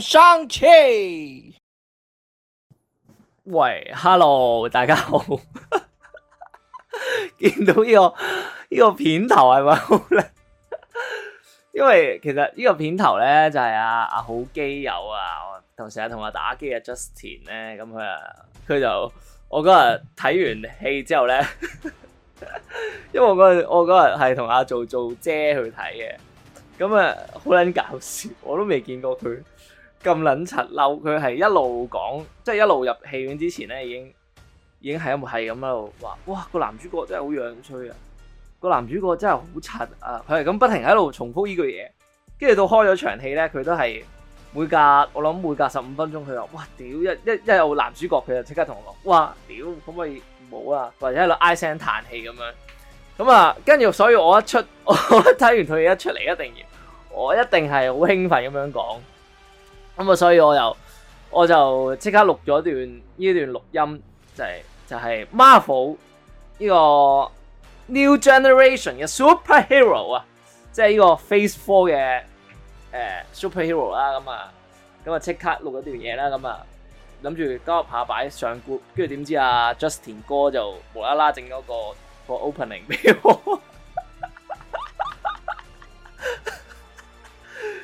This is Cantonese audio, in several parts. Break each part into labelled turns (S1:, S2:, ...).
S1: 生喂，Hello，大家好。 見到呢個呢個片頭係咪好靚？ 因為其實呢個片頭咧就係阿阿好基友啊，我頭先啊同阿打機嘅 Justin 咧，咁佢啊佢就我嗰日睇完戲之後咧， 因為我嗰日我嗰日係同阿做做姐去睇嘅，咁啊好捻搞笑，我都未見過佢。咁撚柒嬲，佢係一路講，即係一路入戲院之前咧，已經已經係一幕係咁喺度話：哇，個男主角真係好樣衰啊！個男主角真係好柒啊！佢係咁不停喺度重複呢句嘢，跟住到開咗場戲咧，佢都係每隔我諗每隔十五分鐘，佢話哇屌一一一有男主角，佢就即刻同我講：哇屌，可唔可以冇啊？或者喺度唉聲嘆氣咁樣。咁啊，跟住所以我一出我睇 完佢一出嚟，一定要我一定係好興奮咁樣講。咁啊， 所以我又我就即刻錄咗段呢段錄音，就係、是、就係、是、Marvel 呢、這個 New Generation 嘅 Superhero 啊，即係呢個 Phase Four 嘅誒 Superhero 啦。咁、呃、啊，咁啊，即刻錄咗段嘢啦。咁啊，諗住今日下擺上 group，跟住點知啊 Justin 哥就無啦啦整咗個個 opening 俾我，我，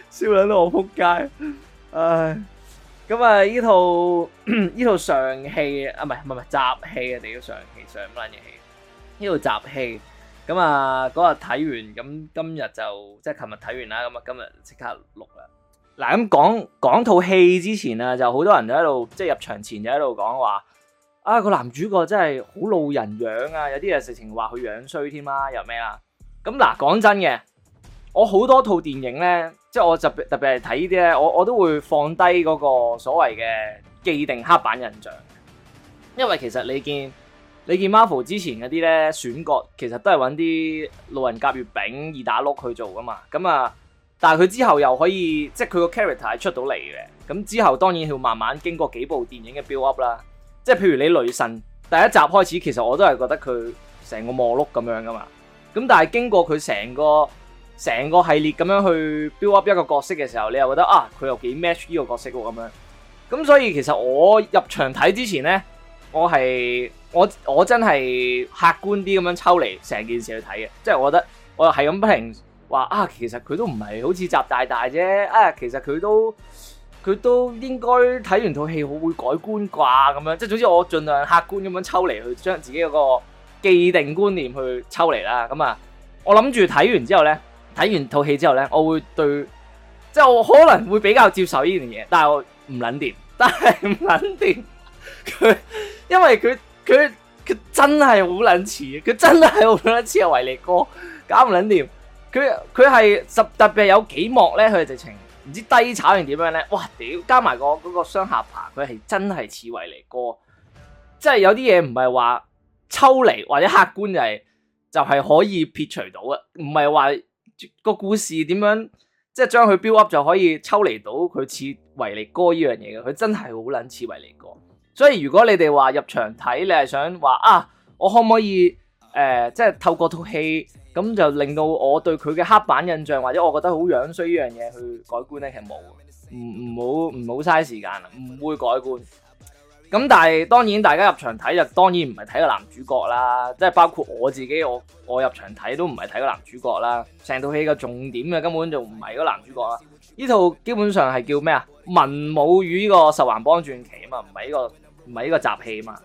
S1: 笑到我仆街。唉，咁 啊，呢套呢套上戲啊，唔係唔係唔係集戲啊，定叫上戲上爛嘢戲？呢套集戲，咁啊嗰日睇完，咁今日就即係琴日睇完啦，咁啊今日即刻錄啦。嗱，咁講講套戲之前啊，就好多人就喺度，即係入場前就喺度講話，啊個男主角真係好路人樣啊，有啲嘢直情話佢樣衰添啦，又咩啦？咁嗱，講真嘅。我好多套電影呢，即係我特別特別係睇呢啲呢，我我都會放低嗰個所謂嘅既定黑板印象，因為其實你見你見 Marvel 之前嗰啲呢，選角，其實都係揾啲路人甲、乙、丙、二打六去做噶嘛，咁啊，但係佢之後又可以即係佢個 character 係出到嚟嘅，咁之後當然要慢慢經過幾部電影嘅 build up 啦，即係譬如你雷神第一集開始，其實我都係覺得佢成個望碌咁樣噶嘛，咁但係經過佢成個。成個系列咁樣去 build up 一個角色嘅時候，你又覺得啊，佢又幾 match 呢個角色喎咁樣。咁所以其實我入場睇之前呢，我係我我真係客觀啲咁樣抽離成件事去睇嘅，即係我覺得我又係咁不停話啊，其實佢都唔係好似習大大啫啊，其實佢都佢都應該睇完套戲會改觀啩咁樣。即係總之我盡量客觀咁樣抽離去將自己嗰個既定觀念去抽離啦。咁啊，我諗住睇完之後呢。睇完套戲之後咧，我會對，即係我可能會比較接受呢樣嘢，但係我唔捻掂，但係唔捻掂佢，因為佢佢佢真係好捻似，佢真係好捻似啊！維尼哥搞唔捻掂，佢佢係十特別有幾幕咧，佢係直情唔知低炒定點樣咧，哇屌！加埋個嗰個雙下巴，佢係真係似維尼哥，即係有啲嘢唔係話抽離或者客觀就係就係可以撇除到嘅，唔係話。個故事點樣，即係將佢 build up 就可以抽離到佢似維尼哥呢樣嘢嘅，佢真係好撚似維尼哥。所以如果你哋話入場睇，你係想話啊，我可唔可以誒、呃，即係透過套戲咁就令到我對佢嘅黑板印象，或者我覺得好樣衰呢樣嘢去改觀咧，其實冇，唔唔好唔好嘥時間啊，唔會改觀。咁但係當然大家入場睇就當然唔係睇個男主角啦，即係包括我自己，我我入場睇都唔係睇個男主角啦。成套戲嘅重點嘅根本就唔係嗰個男主角啦。呢套基本上係叫咩啊？文武與呢個十環幫傳奇啊嘛，唔係呢個唔係呢個雜戲啊嘛。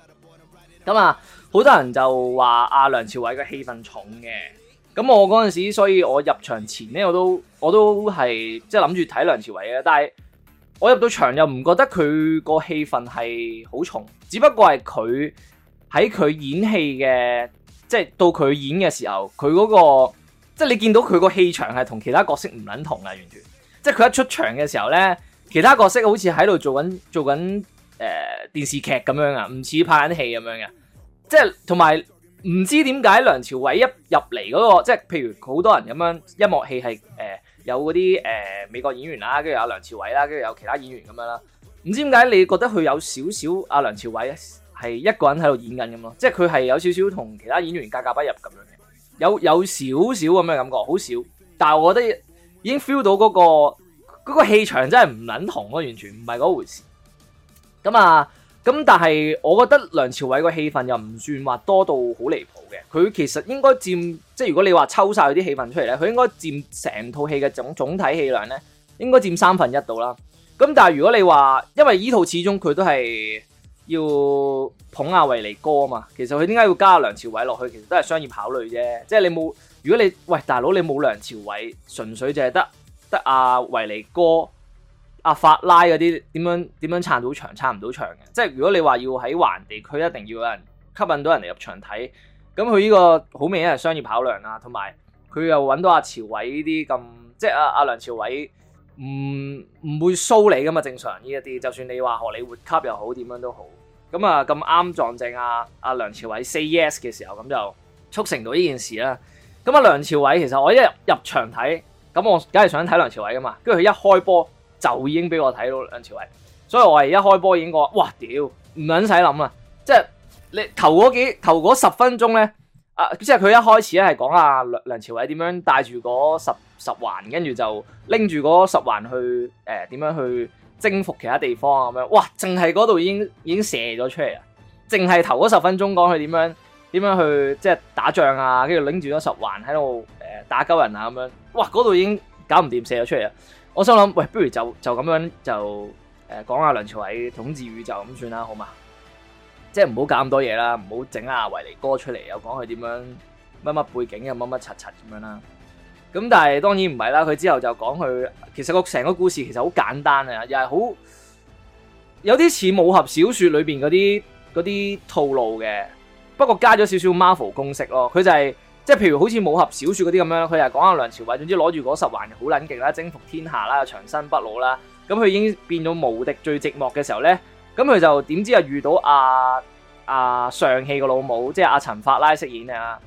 S1: 咁啊，好多人就話阿、啊、梁朝偉嘅戲份重嘅。咁我嗰陣時，所以我入場前咧，我都我都係即係諗住睇梁朝偉嘅，但係。我入到場又唔覺得佢個氣氛係好重，只不過係佢喺佢演戲嘅，即係到佢演嘅時候，佢嗰個，即係你見到佢個氣場係同其他角色唔撚同嘅，完全。即係佢一出場嘅時候呢，其他角色好似喺度做緊做緊誒電視劇咁樣啊，唔似拍緊戲咁樣嘅。即係同埋唔知點解梁朝偉一入嚟嗰個，即係譬如好多人咁樣音樂戲係誒。呃有嗰啲誒美國演員啦，跟住阿梁朝偉啦，跟住有其他演員咁樣啦。唔知點解你覺得佢有少少阿梁朝偉係一個人喺度演緊咁咯？即係佢係有少少同其他演員格格不入咁樣嘅，有有少少咁嘅感覺，好少。但係我覺得已經 feel 到嗰個嗰個氣場真係唔撚同咯，完全唔係嗰回事。咁啊～咁但係，我覺得梁朝偉個戲份又唔算話多到好離譜嘅。佢其實應該佔，即係如果你話抽晒佢啲戲份出嚟咧，佢應該佔成套戲嘅總總體戲量咧，應該佔三分一度啦。咁但係如果你話，因為依套始終佢都係要捧阿維尼哥啊嘛，其實佢點解要加梁朝偉落去，其實都係商業考慮啫。即係你冇，如果你喂，大佬你冇梁朝偉，純粹就係得得阿維尼哥。阿法拉嗰啲點樣點樣撐到場撐唔到場嘅，即係如果你話要喺環地區，一定要有人吸引到人哋入場睇，咁佢呢個好明顯係商業考量啦，同埋佢又揾到阿朝偉呢啲咁，即係阿阿梁朝偉唔唔會 show 你噶嘛，正常呢一啲，就算你話荷里活級又好點樣都好，咁啊咁啱撞正阿、啊、阿、啊、梁朝偉 say yes 嘅時候，咁就促成到呢件事啦。咁阿、啊、梁朝偉其實我一入，入場睇，咁我梗係想睇梁朝偉噶嘛，跟住佢一開波。就已經俾我睇到梁朝偉，所以我話一開波已經話：哇！屌，唔撚使諗啊。即係你頭嗰幾頭嗰十分鐘咧，啊，即係佢一開始咧係講啊梁梁朝偉點樣帶住嗰十十環，跟住就拎住嗰十環去誒點樣去征服其他地方啊咁樣。哇！淨係嗰度已經已經射咗出嚟啊！淨係頭嗰十分鐘講佢點樣點樣去即係打仗啊，跟住拎住咗十環喺度誒打鳩人啊咁樣。哇！嗰度已經搞唔掂，射咗出嚟啊！我想諗，喂，不如就就咁樣就誒講下梁朝偉統治宇宙咁算啦，好嘛？即係唔好搞咁多嘢啦，唔好整阿維尼哥出嚟，又講佢點樣乜乜背景又乜乜柒柒咁樣啦。咁但係當然唔係啦，佢之後就講佢，其實個成個故事其實好簡單啊，又係好有啲似武俠小說裏邊嗰啲嗰啲套路嘅，不過加咗少少 Marvel 公式咯，佢就係。即係譬如好似武俠小說嗰啲咁樣，佢又講阿梁朝偉，總之攞住嗰十環好撚勁啦，征服天下啦，長生不老啦，咁佢已經變到無敵最寂寞嘅時候咧，咁佢就點知啊遇到阿、啊、阿、啊、上氣嘅老母，即係阿陳法拉飾演啊，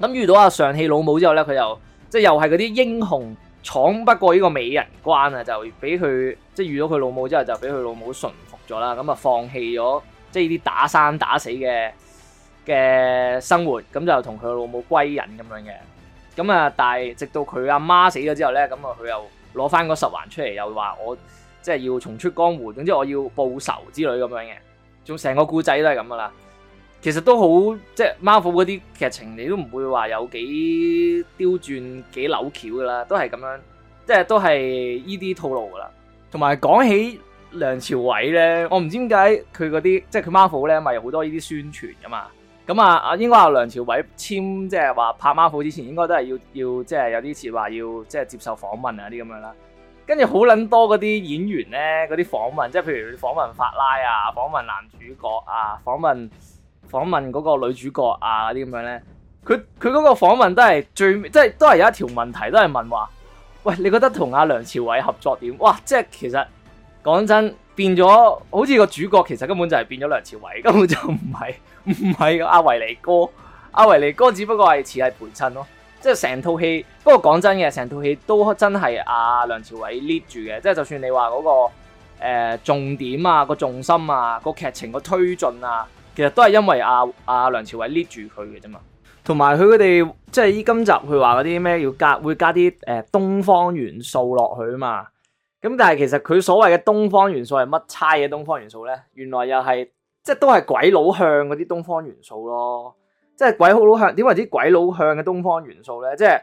S1: 咁遇到阿、啊、上氣老母之後咧，佢又，即係又係嗰啲英雄闖不過呢個美人關啊，就俾佢即係遇到佢老母之後就俾佢老母馴服咗啦，咁啊放棄咗即係呢啲打生打死嘅。嘅生活咁就同佢老母歸隱咁樣嘅，咁啊，但係直到佢阿媽死咗之後呢，咁啊，佢又攞翻嗰十環出嚟，又話我即係要重出江湖，總之我要報仇之類咁樣嘅，仲成個故仔都係咁噶啦。其實都好即係 Marvel 嗰啲劇情，你都唔會話有幾刁鑽、幾扭巧噶啦，都係咁樣，即係都係依啲套路噶啦。同埋講起梁朝偉呢，我唔知點解佢嗰啲即係佢 Marvel 呢，咪有好多呢啲宣傳噶嘛。咁啊，啊應該阿梁朝偉簽即係話拍孖鋪之前，應該都係要要即係、就是、有啲似話要即係、就是、接受訪問啊啲咁樣啦。跟住好撚多嗰啲演員咧，嗰啲訪問，即係譬如訪問法拉啊，訪問男主角啊，訪問訪問嗰個女主角啊啲咁樣咧，佢佢嗰個訪問都係最即係都係有一條問題都係問話，喂，你覺得同阿梁朝偉合作點？哇，即係其實講真。變咗，好似個主角其實根本就係變咗梁朝偉，根本就唔係唔係阿維尼哥，阿維尼哥只不過係似係陪襯咯。即係成套戲，不過講真嘅，成套戲都真係阿梁朝偉 lead 住嘅。即係就算你話嗰個誒重點啊、個重心啊、個劇情個推進啊，其實都係因為阿阿梁朝偉 lead 住佢嘅啫嘛。同埋佢哋即係今集佢話嗰啲咩要加會加啲誒東方元素落去啊嘛。咁但係其實佢所謂嘅東方元素係乜差嘅東方元素咧？原來又係即係都係鬼佬向嗰啲東方元素咯，即係鬼佬向點謂之啲鬼佬向嘅東方元素咧？即係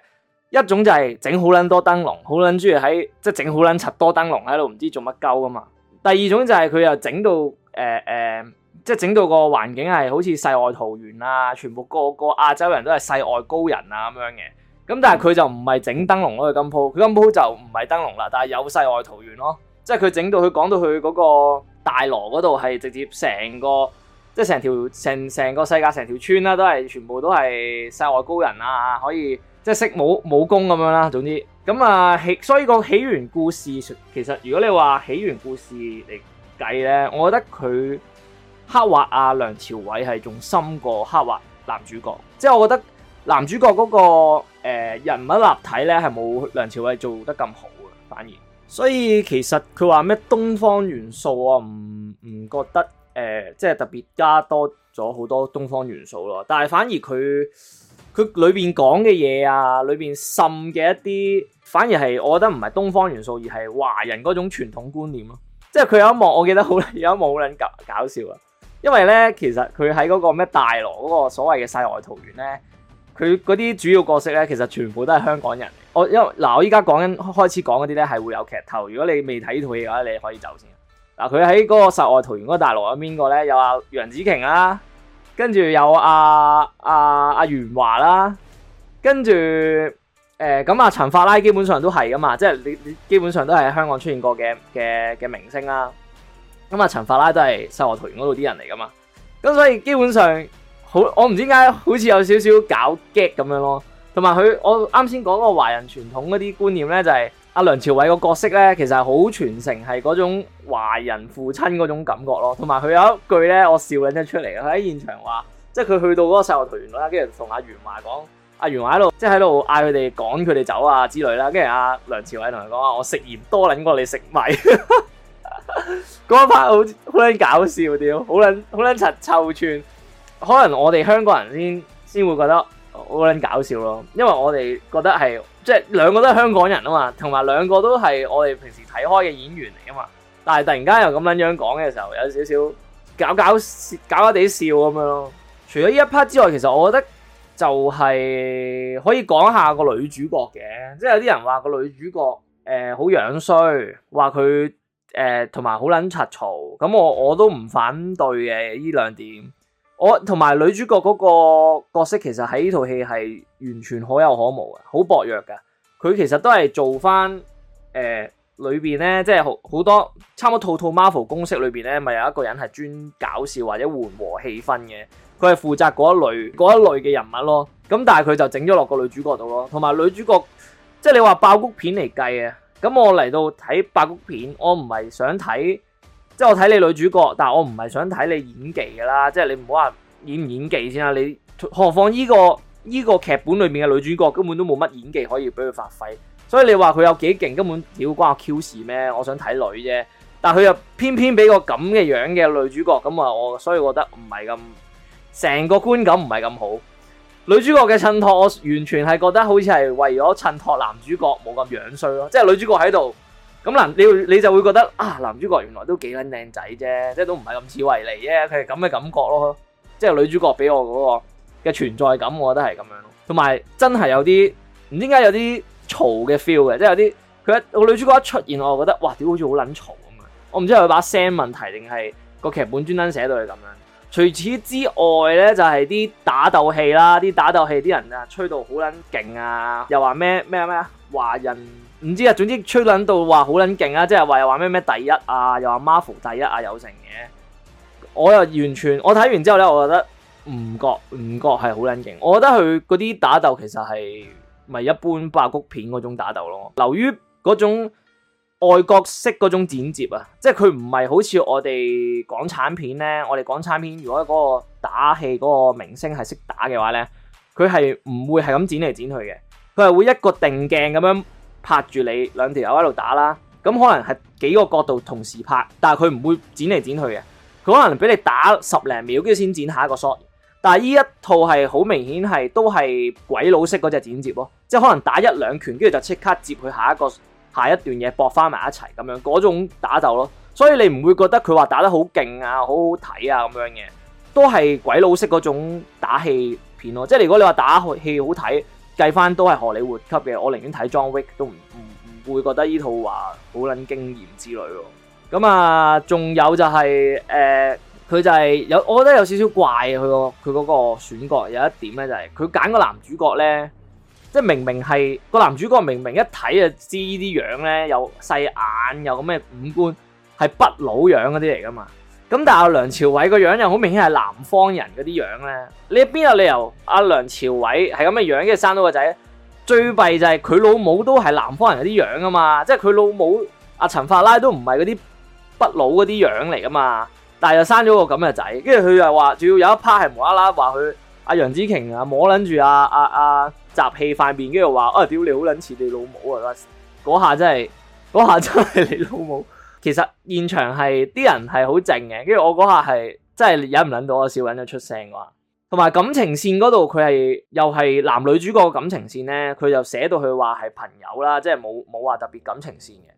S1: 一種就係整好撚多燈籠，好撚鍾意喺即係整好撚柒多燈籠喺度，唔知做乜鳩吖嘛。第二種就係佢又整到誒誒、呃呃，即係整到個環境係好似世外桃源啊，全部個個亞洲人都係世外高人啊咁樣嘅。咁但係佢就唔係整燈籠咯，佢金鋪，佢金鋪就唔係燈籠啦。但係有世外桃源咯，即係佢整到佢講到佢嗰個大羅嗰度係直接成個，即係成條成成個世界成條村啦，都係全部都係世外高人啦，啊，可以即係識武武功咁樣啦。總之，咁啊起，所以個起源故事其實如果你話起源故事嚟計咧，我覺得佢刻畫阿梁朝偉係仲深過刻畫男主角，即係我覺得男主角嗰，嗰個。誒人物立體咧係冇梁朝偉做得咁好嘅，反而。所以其實佢話咩東方元素我唔唔覺得誒、呃，即係特別加多咗好多東方元素咯。但係反而佢佢裏邊講嘅嘢啊，裏邊滲嘅一啲反而係我覺得唔係東方元素，而係華人嗰種傳統觀念咯。即係佢有一幕我記得好，有一幕好撚搞搞笑啊！因為咧，其實佢喺嗰個咩大羅嗰個所謂嘅世外桃源咧。佢嗰啲主要角色咧，其實全部都係香港人。我因為嗱、呃，我依家講緊開始講嗰啲咧，係會有劇頭。如果你未睇套戲嘅話，你可以先走先。嗱、呃，佢喺嗰個《世外桃源》嗰個大陸有邊個咧？有阿、啊、楊紫瓊啦，跟住有阿阿阿袁華啦、啊，跟住誒咁阿陳法拉基本上都係噶嘛，即係你你基本上都係香港出現過嘅嘅嘅明星啦、啊。咁、嗯、阿陳法拉都係《世外桃源》嗰度啲人嚟噶嘛，咁所以基本上。好，我唔知點解好似有少少搞激咁樣咯，同埋佢我啱先講嗰個華人傳統嗰啲觀念咧、就是，就係阿梁朝偉個角色咧，其實係好傳承係嗰種華人父親嗰種感覺咯，同埋佢有一句咧，我笑緊一出嚟，佢喺現場話，即係佢去到嗰個世外桃源啦，跟住同阿袁華講，阿袁華喺度即係喺度嗌佢哋趕佢哋走啊之類啦，跟住阿梁朝偉同佢講話，我食鹽多撚過你食米，嗰 一 part 好好撚搞笑，屌好撚好撚柒臭串。可能我哋香港人先先會覺得好撚搞笑咯，因為我哋覺得係即係兩個都係香港人啊嘛，同埋兩個都係我哋平時睇開嘅演員嚟啊嘛，但係突然間又咁撚樣講嘅時候，有少少搞搞，搞搞搞下地笑咁樣咯。除咗呢一 part 之外，其實我覺得就係可以講下個女主角嘅，即係有啲人話個女主角誒好樣衰，話佢誒同埋好撚柒嘈，咁、呃、我我都唔反對嘅呢兩點。我同埋女主角嗰個角色其實喺呢套戲係完全可有可無嘅，好薄弱嘅。佢其實都係做返誒裏邊咧，即係好好多差唔多套套 Marvel 公式裏邊咧，咪有一個人係專搞笑或者緩和氣氛嘅。佢係負責嗰一類嗰一類嘅人物咯。咁但係佢就整咗落個女主角度咯。同埋女主角即係你話爆谷片嚟計呀，咁我嚟到睇爆谷片，我唔係想睇。即係我睇你女主角，但係我唔係想睇你演技噶啦，即係你唔好話演唔演技先啦。你何況呢個，呢個劇本裏面嘅女主角根本都冇乜演技可以俾佢發揮，所以你話佢有幾勁，根本屌關我 Q 事咩？我想睇女啫，但係佢又偏偏俾個咁嘅樣嘅女主角，咁啊，我所以覺得唔係咁，成個觀感唔係咁好。女主角嘅襯托，我完全係覺得好似係為咗襯托男主角冇咁樣衰咯，即係女主角喺度。咁男你你就會覺得啊，男主角原來都幾撚靚仔啫，即係都唔係咁似維尼啫，佢係咁嘅感覺咯。即係女主角俾我嗰個嘅存在感，我覺得係咁樣。同埋真係有啲唔知點解有啲嘈嘅 feel 嘅，即係有啲佢一個女主角一出現，我就覺得哇屌，好似好撚嘈啊嘛！我唔知係佢把聲問題定係個劇本專登寫到係咁樣。除此之外咧，就係、是、啲打鬥戲啦，啲打鬥戲啲人啊，吹到好撚勁啊，又話咩咩咩啊，華人。唔知啊，總之吹到撚到話好撚勁啊，即係話又話咩咩第一啊，又話 Marvel 第一啊，有成嘅。我又完全我睇完之後咧，我覺得唔覺唔覺係好撚勁。我覺得佢嗰啲打鬥其實係咪一般爆谷片嗰種打鬥咯，由於嗰種外國式嗰種剪接啊，即係佢唔係好似我哋港產片咧，我哋港產片如果嗰個打戲嗰個明星係識打嘅話咧，佢係唔會係咁剪嚟剪去嘅，佢係會一個定鏡咁樣。拍住你兩條友喺度打啦，咁可能係幾個角度同時拍，但係佢唔會剪嚟剪去嘅，佢可能俾你打十零秒跟住先剪下一個 shot，但係呢一套係好明顯係都係鬼佬式嗰隻剪接咯，即係可能打一兩拳跟住就即刻接佢下一個下一段嘢搏翻埋一齊咁樣嗰種打鬥咯，所以你唔會覺得佢話打得好勁啊，好好睇啊咁樣嘅，都係鬼佬式嗰種打戲片咯，即係如果你話打戲好睇。計翻都係荷里活級嘅，我寧願睇《John Wick》都唔唔唔會覺得呢套話好撚驚豔之類喎。咁啊，仲有就係、是、誒，佢、呃、就係、是、有，我覺得有少少怪佢個佢嗰個選角有一點咧、就是，就係佢揀個男主角咧，即係明明係個男主角明明一睇就知依啲樣咧，有細眼，有咁嘅五官係不老樣嗰啲嚟㗎嘛。咁但係阿梁朝偉個樣又好明顯係南方人嗰啲樣咧，你邊有理由阿梁朝偉係咁嘅樣，樣，跟住生到個仔？最弊就係佢老母都係南方人嗰啲樣啊嘛，即係佢老母阿陳法拉都唔係嗰啲北佬嗰啲樣嚟噶嘛，但係又生咗個咁嘅仔，跟住佢又話，仲要有一 part 係無啦啦話佢阿楊紫瓊啊摸捻住阿阿阿雜氣塊面，跟住話：，啊，屌你好捻似你老母啊！嗰下真係，嗰下真係你老母。其實現場係啲人係好靜嘅，跟住我嗰下係真係忍唔忍到啊！少忍咗出聲啩，同埋感情線嗰度佢係又係男女主角嘅感情線咧，佢就寫到佢話係朋友啦，即係冇冇話特別感情線嘅。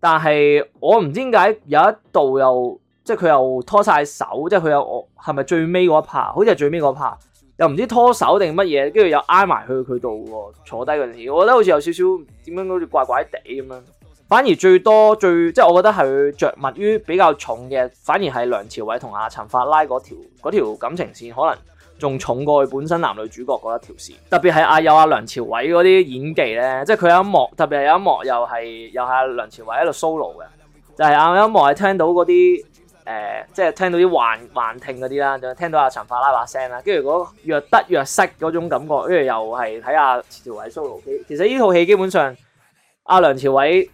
S1: 但係我唔知點解有一度又即係佢又拖晒手，即係佢又我係咪最尾嗰一 part？好似係最尾嗰 part 又唔知拖手定乜嘢，跟住又挨埋去佢度喎，坐低嗰陣時，我覺得好似有少少點樣，好似怪怪地咁樣！反而最多最即係，我覺得係着墨於比較重嘅，反而係梁朝偉同阿陳法拉嗰條嗰條感情線，可能仲重過佢本身男女主角嗰一條線。特別係阿有阿梁朝偉嗰啲演技咧，即係佢有一幕，特別係有一幕又係有阿梁朝偉喺度 solo 嘅，就係、是、啊有一幕係聽到嗰啲誒，即係聽到啲幻幻聽嗰啲啦，就聽到阿陳法拉把聲啦，跟住嗰若得若失嗰種感覺，跟住又係睇阿朝偉 solo 嘅。其實呢套戲基本上阿梁朝偉。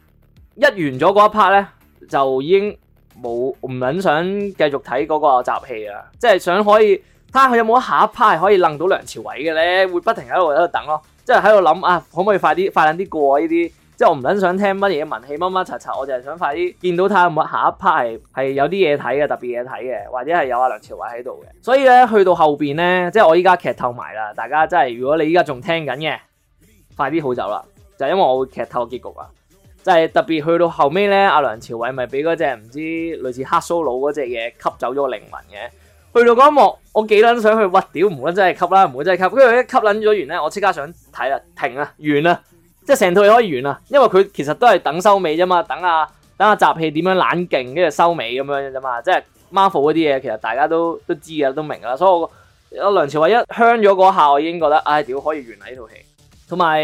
S1: 一完咗嗰一 part 咧，就已經冇唔捻想繼續睇嗰個集戲啦。即係想可以睇下佢有冇下一 part 係可以楞到梁朝偉嘅咧，會不停喺度喺度等咯。即係喺度諗啊，可唔可以快啲快啲啲過呢啲？即係我唔捻想聽乜嘢文戲乜乜柒柒，我就係想快啲見到睇下有冇下一 part 係係有啲嘢睇嘅特別嘢睇嘅，或者係有阿梁朝偉喺度嘅。所以咧去到後邊咧，即係我依家劇透埋啦。大家真係如果你依家仲聽緊嘅，快啲好走啦，就係因為我會劇透結局啊！就係特別去到後尾咧，阿梁朝偉咪俾嗰隻唔知類似黑蘇佬嗰隻嘢吸走咗靈魂嘅。去到嗰一幕，我幾撚想去，哇！屌唔會真係吸啦，唔會真係吸。跟住一吸撚咗完咧，我即刻想睇啊，停啊，完啊，即係成套嘢可以完啊。因為佢其實都係等收尾啫嘛，等啊等下集戲點樣冷勁，跟住收尾咁樣啫嘛。即係 Marvel 嗰啲嘢，其實大家都都知啊，都明啦。所以我阿梁朝偉一香咗嗰下，我已經覺得，唉、哎，屌可以完啦呢套戲，同埋。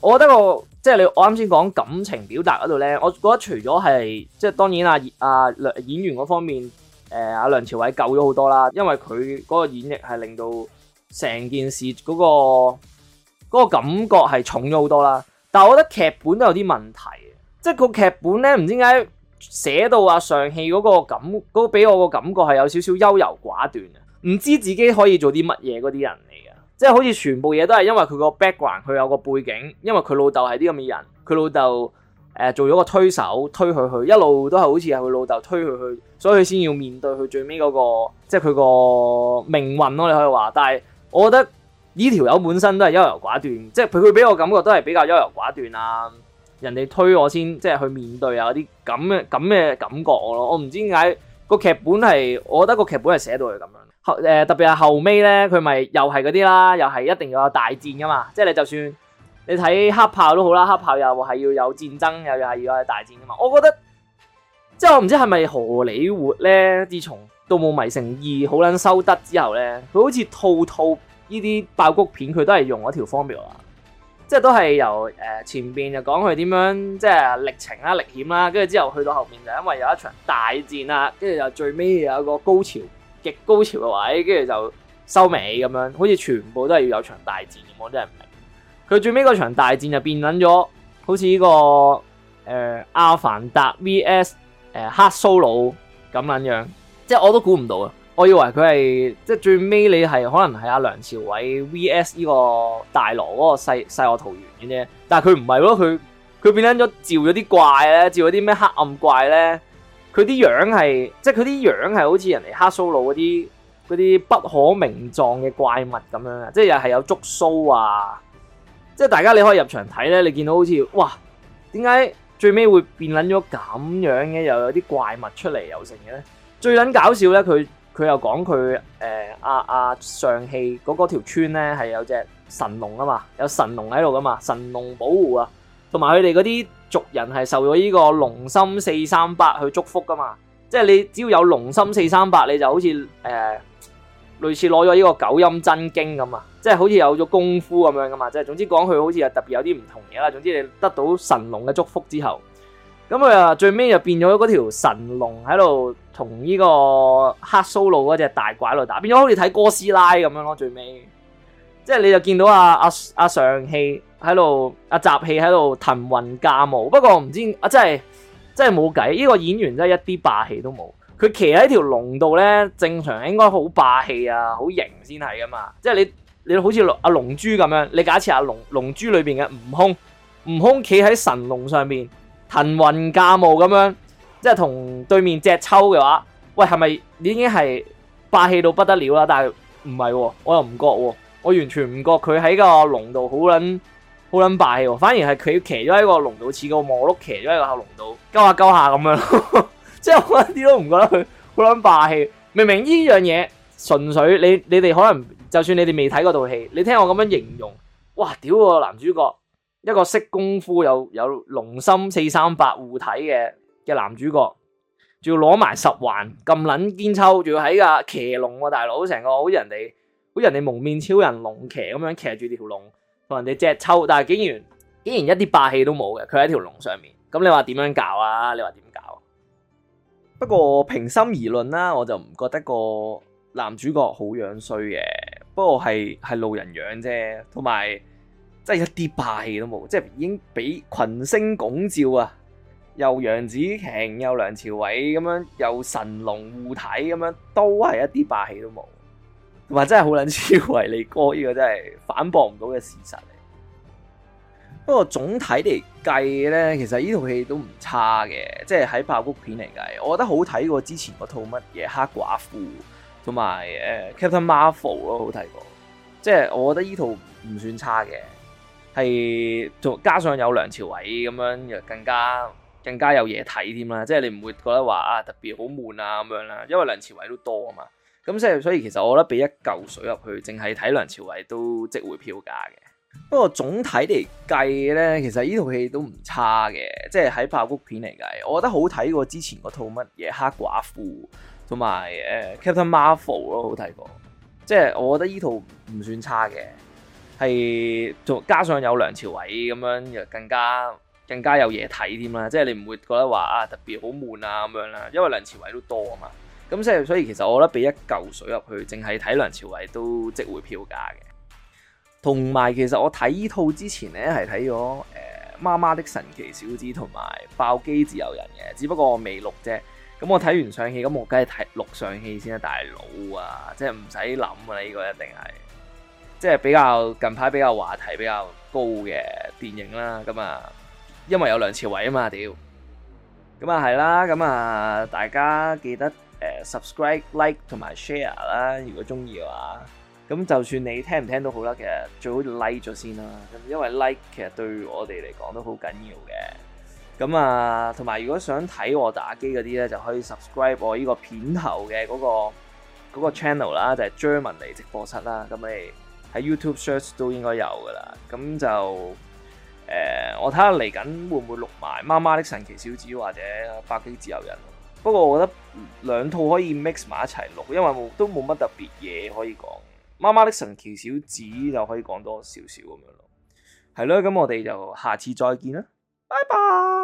S1: 我覺得個即係你我啱先講感情表達嗰度咧，我覺得除咗係即係當然啊啊演員嗰方面，誒、呃、阿梁朝偉救咗好多啦，因為佢嗰個演繹係令到成件事嗰、嗰個嗰個感覺係重咗好多啦。但係我覺得劇本都有啲問題，即係個劇本咧，唔知點解寫到阿上戲嗰個感俾、嗰個、我個感覺係有少少優柔寡斷嘅，唔知自己可以做啲乜嘢嗰啲人。即係好似全部嘢都係因為佢個 background，佢有個背景，因為佢老豆係啲咁嘅人，佢老豆誒做咗個推手，推佢去一路都係好似係佢老豆推佢去，所以佢先要面對佢最尾嗰個即係佢個命運咯，你可以話。但係我覺得呢條友本身都係優柔寡斷，即係佢佢俾我感覺都係比較優柔寡斷啊。人哋推我先即係去面對啊，啲咁嘅咁嘅感覺我咯，我唔知點解個劇本係我覺得個劇本係寫到係咁樣。誒、呃，特別係後尾咧，佢咪又係嗰啲啦，又係一定要有大戰噶嘛。即係你就算你睇黑豹都好啦，黑豹又係要有戰爭，又係要有大戰噶嘛。我覺得即係我唔知係咪荷里活咧，自從盜墓迷城二好捻收得之後咧，佢好似套套呢啲爆谷片，佢都係用一條 formula，即係都係由誒、呃、前邊就講佢點樣，即係歷程啦、歷險啦，跟住之後去到後面就因為有一場大戰啦，跟住又最尾有一個高潮。高潮嘅位，跟住就收尾咁樣，好似全部都係要有場大戰咁，我真係唔明。佢最尾嗰場大戰就變捻咗，好似呢個誒、呃、阿凡達 V.S. 誒、呃、黑 Solo 咁捻樣，即係我都估唔到啊！我以為佢係即係最尾你係可能係阿梁朝偉 V.S. 呢個大羅嗰個世世外桃源嘅啫，但係佢唔係咯，佢佢變捻咗召咗啲怪咧，召咗啲咩黑暗怪咧。佢啲樣係，即係佢啲樣係好似人哋克蘇魯嗰啲啲不可名狀嘅怪物咁樣，即係又係有觸鬚啊！即係大家你可以入場睇咧，你見到好似哇，點解最尾會變撚咗咁樣嘅？又有啲怪物出嚟又成嘅咧！最撚搞笑咧，佢佢又講佢誒阿阿上氣嗰條村咧係有隻神龍啊嘛，有神龍喺度㗎嘛，神龍保護啊，同埋佢哋嗰啲。族人係受咗呢個龍心四三八去祝福噶嘛，即係你只要有龍心四三八，你就好似誒、呃、類似攞咗呢個九陰真經咁啊，即係好似有咗功夫咁樣噶嘛，即係總之講佢好似係特別有啲唔同嘢啦。總之你得到神龍嘅祝福之後，咁佢啊最尾就變咗嗰條神龍喺度同呢個黑蘇路嗰隻大怪嚟打，變咗好似睇哥斯拉咁樣咯，最尾。即係你就見到啊啊啊，啊上戲喺度，阿、啊、雜戲喺度騰雲駕霧。不過唔知啊，真係真係冇計，呢、呢個演員真係一啲霸氣都冇。佢企喺條龍度咧，正常應該好霸氣啊，好型先係㗎嘛。即係你你好似阿啊龍珠咁樣，你假設阿、啊、龍龍珠裏邊嘅悟空，悟空企喺神龍上邊騰雲駕霧咁樣，即係同對面隻抽嘅話，喂係咪已經係霸氣到不得了啦？但係唔係喎，我又唔覺喎、啊。我完全唔覺佢喺個龍度好撚好撚霸氣，哦，反而係佢騎咗喺個龍度似個木碌騎咗喺個龍度，勾下勾下咁樣咯。 即係我一啲都唔覺得佢好撚霸氣。明明呢樣嘢純粹你你哋可能就算你哋未睇嗰部戲，你聽我咁樣形容，哇！屌個、啊、男主角，一個識功夫有有龍心四三八護體嘅嘅男主角，仲要攞埋十環咁撚堅抽，仲要喺個騎龍喎、啊，大佬成個好似人哋。人哋蒙面超人龍騎咁樣騎住條龍同人哋隻抽，但係竟然竟然一啲霸氣都冇嘅，佢喺條龍上面。咁你話點樣搞啊？你話點搞啊？不過平心而論啦，我就唔覺得個男主角好樣衰嘅。不過係係路人樣啫，同埋真係一啲霸氣都冇，即係已經俾群星拱照啊！又楊紫瓊，又梁朝偉咁樣，又神龍護體咁樣，都係一啲霸氣都冇。話真係好撚超維你哥，呢個真係反駁唔到嘅事實。不過總體嚟計咧，其實呢套戲都唔差嘅，即係喺爆谷片嚟計，我覺得好睇過之前嗰套乜嘢《黑寡婦》同埋誒 Captain Marvel 咯，好睇過。即係我覺得呢套唔算差嘅，係再加上有梁朝偉咁樣，又更加更加有嘢睇添啦。即係你唔會覺得話啊特別好悶啊咁樣啦，因為梁朝偉都多啊嘛。咁所以所以其實我覺得俾一嚿水入去，淨係睇梁朝偉都值回票價嘅。不過總體嚟計咧，其實呢套戲都唔差嘅，即係喺爆谷片嚟計，我覺得好睇過之前嗰套乜嘢《黑寡婦》同埋誒 Captain Marvel 咯，好睇過。即係我覺得呢套唔算差嘅，係再加上有梁朝偉咁樣，又更加更加有嘢睇添啦。即係你唔會覺得話啊特別好悶啊咁樣啦，因為梁朝偉都多啊嘛。咁所以所以，其實我覺得俾一嚿水入去，淨係睇梁朝偉都值回票價嘅。同埋其實我睇依套之前呢，係睇咗《誒、欸、媽媽的神奇小子》同埋《爆機自由人》嘅，只不過我未錄啫。咁我睇完上戲，咁我梗係睇錄上戲先啦，大佬啊，即係唔使諗啦，呢、這個一定係即係比較近排比較話題比較高嘅電影啦。咁、嗯、啊，因為有梁朝偉啊嘛，屌、嗯。咁啊係啦，咁啊大家記得。誒、呃、subscribe、like 同埋 share 啦，如果中意嘅話，咁就算你聽唔聽都好啦。其實最好 like 咗先啦，因為 like 其實對我哋嚟講都好緊要嘅。咁啊，同、呃、埋如果想睇我打機嗰啲咧，就可以 subscribe 我依個片頭嘅嗰個 channel 啦，那個、channel，就係 German 嚟直播室啦。咁你喺 YouTube search 都應該有噶啦。咁就誒、呃，我睇下嚟緊會唔會錄埋《媽媽的神奇小子》或者《百機自由人》。不過，我覺得兩套可以 mix 埋一齊錄，因為都冇乜特別嘢可以講。媽媽的神奇小子就可以講多少少咁樣咯。係咯，咁我哋就下次再見啦，拜拜。